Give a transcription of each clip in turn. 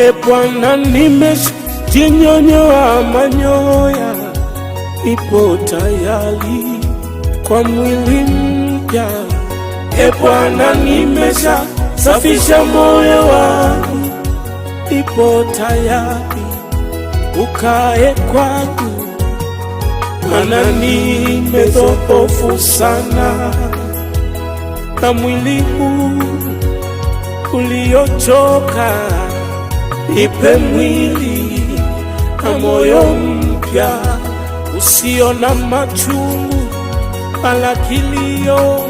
E Bwana, nimeshinyonyoa manyoya, ipo tayari kwa mwili mpya. E Bwana, nimesha safisha moyo wangu, ipo tayari ukae kwangu, mana nimedhopofu sana na mwili huu uliochoka, ipe mwili na moyo mpya usio na machungu wala kilio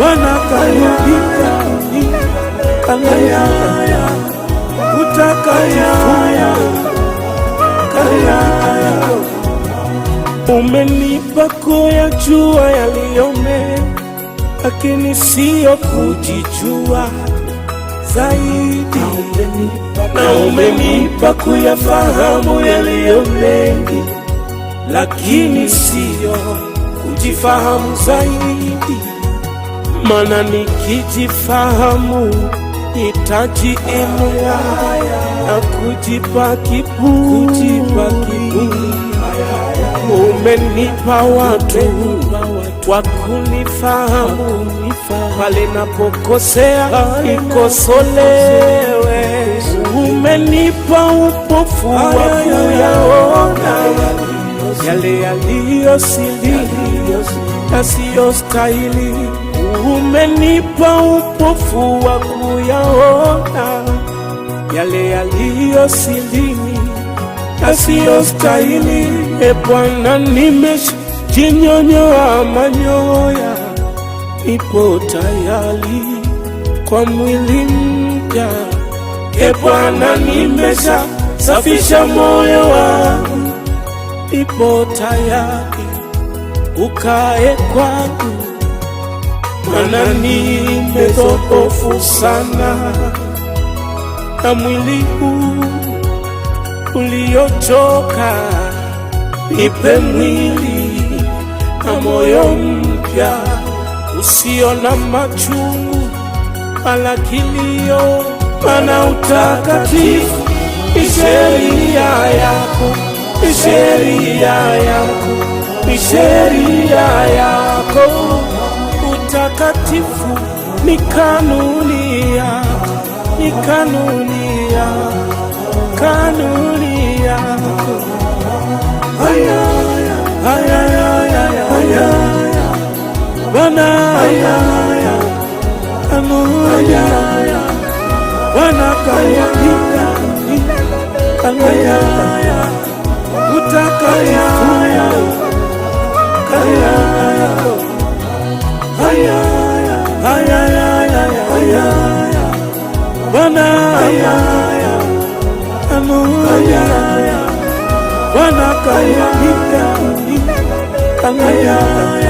wanakaribia Kalaya utakatifu ya umenipa kuyajua yaliyome, lakini siyo kujijua zaidi, na umenipa kuyafahamu yaliyo mengi, lakini siyo kujifahamu zaidi Mana nikijifahamu nitajiinua na kujipa kiburi. Umenipa watu wa kunifahamu, pale napokosea ikosolewe. Umenipa upofu wa kuyaona yale yaliyo siri umenipa upofu wa kuyaona yale yaliyo silini asiyostahili. E Bwana, nimeshinyonyoa manyoya, nipo tayari kwa mwili mpya. E Bwana, nimesha safisha moyo wangu, nipo tayari ukae kwangu maana metokofu sana na mwili huu uliochoka, nipe mwili na moyo mpya usio na machungu wala kilio, maana utakatifu ni sheria yako, ni sheria yako, ni sheria yako utakatifu ni kanuni ya Bwana pamoja Bwana kawaida pamoja utakatifu kaya Bwana amuja Bwana kawaida kama jana